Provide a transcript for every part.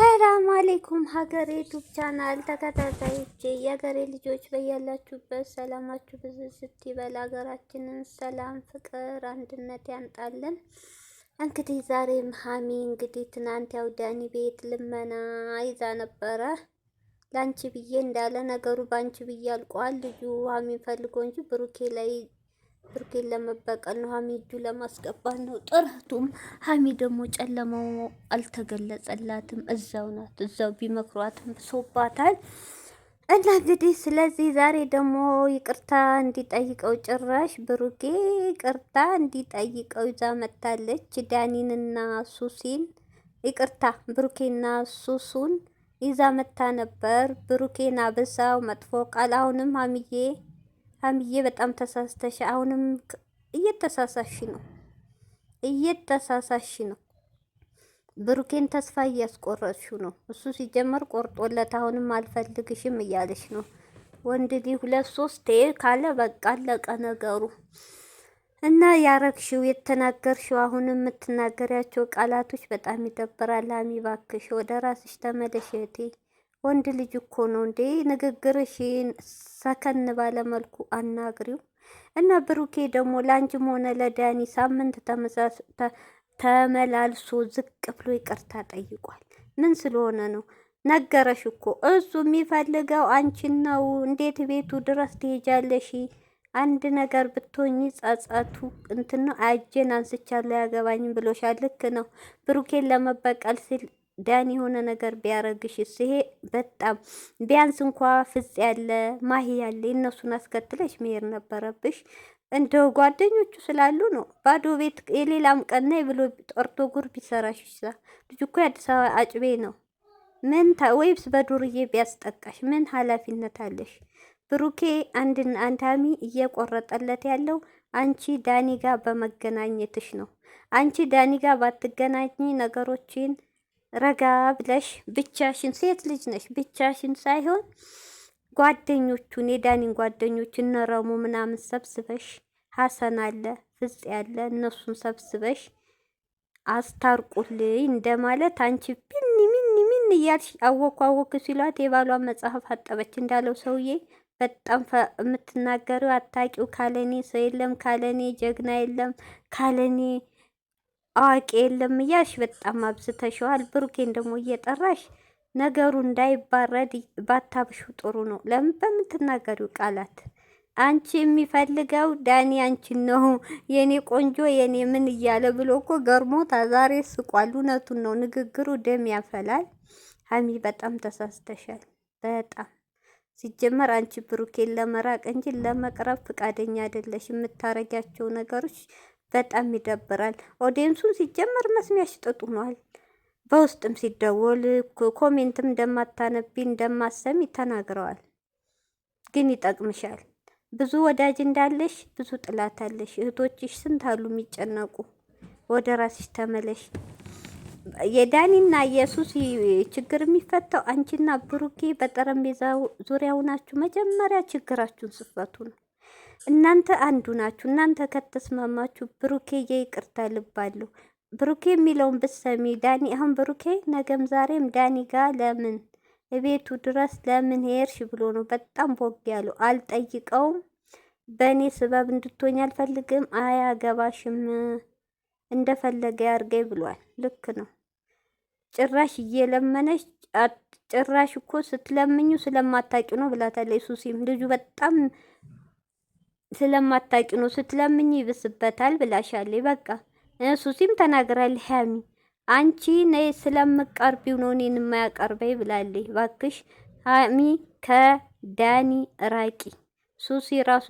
ሰላም አለይኩም ሀገሬ ዩቱብ ቻናል ተከታታዮቼ የሀገሬ ልጆች በያላችሁበት ሰላማችሁ ብዙ ስትይበል ሀገራችንን ሰላም፣ ፍቅር፣ አንድነት ያምጣልን። እንግዲህ ዛሬም ሀሚ እንግዲህ ትናንት ያው ዳኒ ቤት ልመና ይዛ ነበረ። ለአንቺ ብዬ እንዳለ ነገሩ በአንቺ ብዬ አልቋል። ልጁ ሀሚን ፈልጎ እንጂ ብሩኬ ላይ ብሩኬን ለመበቀል ነው፣ ሀሚ እጁ ለማስገባት ነው ጥረቱም። ሀሚ ደግሞ ጨለማው አልተገለጸላትም፣ እዛው ናት። እዛው ቢመክሯትም ብሶባታል። እና እንግዲህ ስለዚህ ዛሬ ደግሞ ይቅርታ እንዲጠይቀው ጭራሽ ብሩኬ ይቅርታ እንዲጠይቀው ይዛ መታለች። ዳኒንና ሱሲን ይቅርታ ብሩኬና ሱሱን ይዛ መታ ነበር። ብሩኬን አብሳው መጥፎ ቃል አሁንም ሀሚዬ ሀይሚዬ በጣም ተሳስተሽ፣ አሁንም እየተሳሳሽ ነው እየተሳሳሽ ነው። ብሩኬን ተስፋ እያስቆረጥሽ ነው። እሱ ሲጀመር ቆርጦለት አሁንም አልፈልግሽም እያለሽ ነው። ወንድ ልጅ ሁለት ሶስት ካለ በቃ አለቀ ነገሩ እና ያረግሽው የተናገርሽው አሁን የምትናገሪያቸው ቃላቶች በጣም ይደብራል። ሀሚ እባክሽ ወደ ራስሽ ተመለሽ እህቴ። ወንድ ልጅ እኮ ነው እንዴ! ንግግርሽን ሰከን ባለ መልኩ አናግሪው እና ብሩኬ ደግሞ ለአንቺም ሆነ ለዳኒ ሳምንት ተመላልሶ ዝቅ ብሎ ይቅርታ ጠይቋል። ምን ስለሆነ ነው? ነገረሽ እኮ እሱ የሚፈልገው አንቺን ነው። እንዴት ቤቱ ድረስ ትሄጃለሽ? አንድ ነገር ብትሆኝ ጸጸቱ እንትን ነው። አጄን አንስቻለሁ ያገባኝም ብሎሻል። ልክ ነው። ብሩኬን ለመበቀል ሲል ዳኒ የሆነ ነገር ቢያረግሽ ይሄ በጣም ቢያንስ እንኳ ፍጽ ያለ ማሂ ያለ እነሱን አስከትለሽ መሄድ ነበረብሽ። እንደው ጓደኞቹ ስላሉ ነው። ባዶ ቤት የሌላም ቀና ብሎ ጠርቶ ጉር ቢሰራሽ ይችላል። ልጅ እኮ የአዲስ አበባ አጭቤ ነው። ምን ወይብስ በዱርዬ ቢያስጠቃሽ ምን ኃላፊነት አለሽ? ብሩኬ አንድን አንታሚ እየቆረጠለት ያለው አንቺ ዳኒ ጋር በመገናኘትሽ ነው። አንቺ ዳኒ ጋር ባትገናኝ ነገሮችን ረጋ ብለሽ ብቻሽን፣ ሴት ልጅ ነሽ፣ ብቻሽን ሳይሆን ጓደኞቹን የዳኒን ጓደኞች እነረሙ ምናምን ሰብስበሽ፣ ሀሰን አለ ፍጽ ያለ እነሱን ሰብስበሽ አስታርቁልኝ እንደማለት አንቺ ቢኒ ሚኒ ሚኒ እያልሽ አወኩ አወኩ ሲሏት የባሏን መጽሐፍ አጠበች እንዳለው ሰውዬ በጣም የምትናገረው አታቂው ካለኔ ሰው የለም፣ ካለኔ ጀግና የለም፣ ካለኔ አዋቂ የለም እያልሽ በጣም አብዝተሸዋል። ብሩኬን ደግሞ እየጠራሽ ነገሩ እንዳይባረድ ባታብሹ ጥሩ ነው። ለምን በምትናገሪው ቃላት አንቺ የሚፈልገው ዳኒ አንቺን ነው የኔ ቆንጆ የኔ ምን እያለ ብሎ እኮ ገርሞታ ዛሬ ስቋል። እውነቱን ነው ንግግሩ ደም ያፈላል። ሀሚ በጣም ተሳስተሻል። በጣም ሲጀመር አንቺ ብሩኬን ለመራቅ እንጂ ለመቅረብ ፈቃደኛ አይደለሽ። የምታረጊያቸው ነገሮች በጣም ይደብራል። ኦዲየንሱን ሲጀመር መስሚያ ሽጠጡ ነዋል። በውስጥም ሲደወል ኮሜንትም እንደማታነቢ እንደማሰሚ ተናግረዋል። ግን ይጠቅምሻል። ብዙ ወዳጅ እንዳለሽ ብዙ ጥላት አለሽ። እህቶችሽ ስንት አሉ የሚጨነቁ። ወደ ራስሽ ተመለሽ። የዳኒና ኢየሱስ ችግር የሚፈታው አንቺና ብሩኬ በጠረጴዛ ዙሪያ መጀመሪያ ችግራችሁን ስፈቱ ነው። እናንተ አንዱ ናችሁ። እናንተ ከተስማማችሁ ብሩኬ የይቅርታ ልባሉ ብሩኬ የሚለውን ብሰሚ ዳኒ አሁን ብሩኬ ነገም ዛሬም ዳኒ ጋር ለምን እቤቱ ድረስ ለምን ሄርሽ ብሎ ነው በጣም ቦግ ያለው። አልጠይቀውም በእኔ ስበብ እንድትሆኝ አልፈልግም፣ አያገባሽም፣ እንደፈለገ ያርገኝ ብሏል። ልክ ነው። ጭራሽ እየለመነች ጭራሽ እኮ ስትለምኙ ስለማታቂ ነው ብላታለች። ሱሲም ልጁ በጣም ስለማታቂ ነው ስትለምኝ ይብስበታል ብላሻለች። በቃ ሱሲም ተናግራል። ሀሚ አንቺ ነይ ስለምቀርቢው ነው እኔን የማያቀርበኝ ብላለች። ባክሽ ሀሚ ከዳኒ ራቂ። ሱሲ ራሱ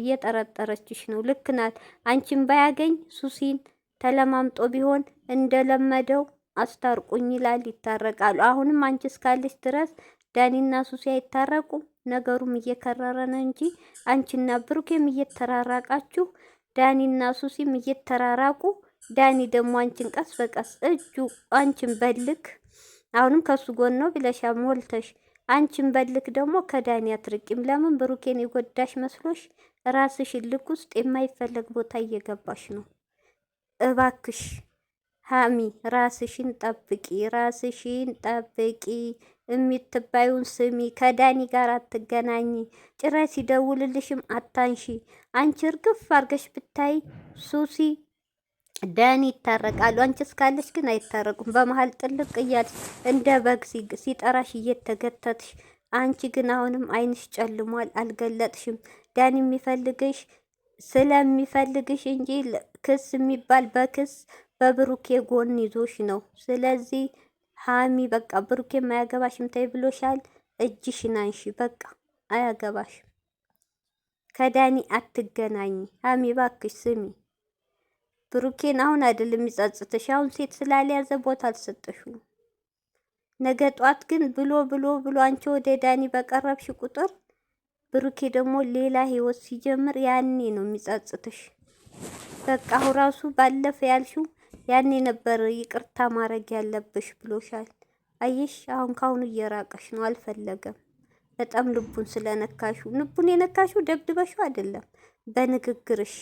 እየጠረጠረችሽ ነው። ልክ ናት። አንቺን ባያገኝ ሱሲን ተለማምጦ ቢሆን እንደለመደው አስታርቁኝ ይላል፣ ይታረቃሉ። አሁንም አንቺ እስካለች ድረስ ዳኒና ሱሲ አይታረቁም። ነገሩም እየከረረ ነው እንጂ አንቺና ብሩኬም እየተራራቃችሁ፣ ዳኒና ሱሲም እየተራራቁ፣ ዳኒ ደግሞ አንቺን ቀስ በቀስ እጁ አንቺን በልክ አሁንም ከሱ ጎን ነው ብለሻ ሞልተሽ አንቺን በልክ ደግሞ ከዳኒ አትርቂም። ለምን ብሩኬን የጎዳሽ መስሎሽ ራስሽ ልክ ውስጥ የማይፈለግ ቦታ እየገባሽ ነው። እባክሽ ሀሚ ራስሽን ጠብቂ፣ ራስሽን ጠብቂ፣ የሚትባዩን ስሚ፣ ከዳኒ ጋር አትገናኝ፣ ጭራሽ ሲደውልልሽም አታንሺ። አንቺ እርግፍ አርገሽ ብታይ ሱሲ ዳኒ ይታረቃሉ። አንቺ እስካለሽ ግን አይታረቁም። በመሀል ጥልቅ እያልሽ እንደ በግ ሲጠራሽ እየተገተትሽ፣ አንቺ ግን አሁንም አይንሽ ጨልሟል፣ አልገለጥሽም። ዳኒ የሚፈልግሽ ስለሚፈልግሽ እንጂ ክስ የሚባል በክስ በብሩኬ ጎን ይዞሽ ነው። ስለዚህ ሀሚ በቃ ብሩኬ ማያገባሽም ተይ ብሎሻል። እጅሽን አንሺ በቃ አያገባሽም። ከዳኒ አትገናኝ ሀሚ ባክሽ። ስሚ ብሩኬን አሁን አይደል የሚጸጽትሽ፣ አሁን ሴት ስላልያዘ ቦታ አልሰጠሽም። ነገ ጧት ግን ብሎ ብሎ ብሎ አንቺ ወደ ዳኒ በቀረብሽ ቁጥር ብሩኬ ደግሞ ሌላ ህይወት ሲጀምር ያኔ ነው የሚጸጽትሽ። በቃ አሁን ራሱ ባለፈ ያልሽው ያኔ ነበር ይቅርታ ማድረግ ያለብሽ ብሎሻል። አየሽ አሁን ካሁኑ እየራቀሽ ነው። አልፈለገም። በጣም ልቡን ስለነካሹ ልቡን የነካሹ ደብድበሹ አይደለም በንግግርሽ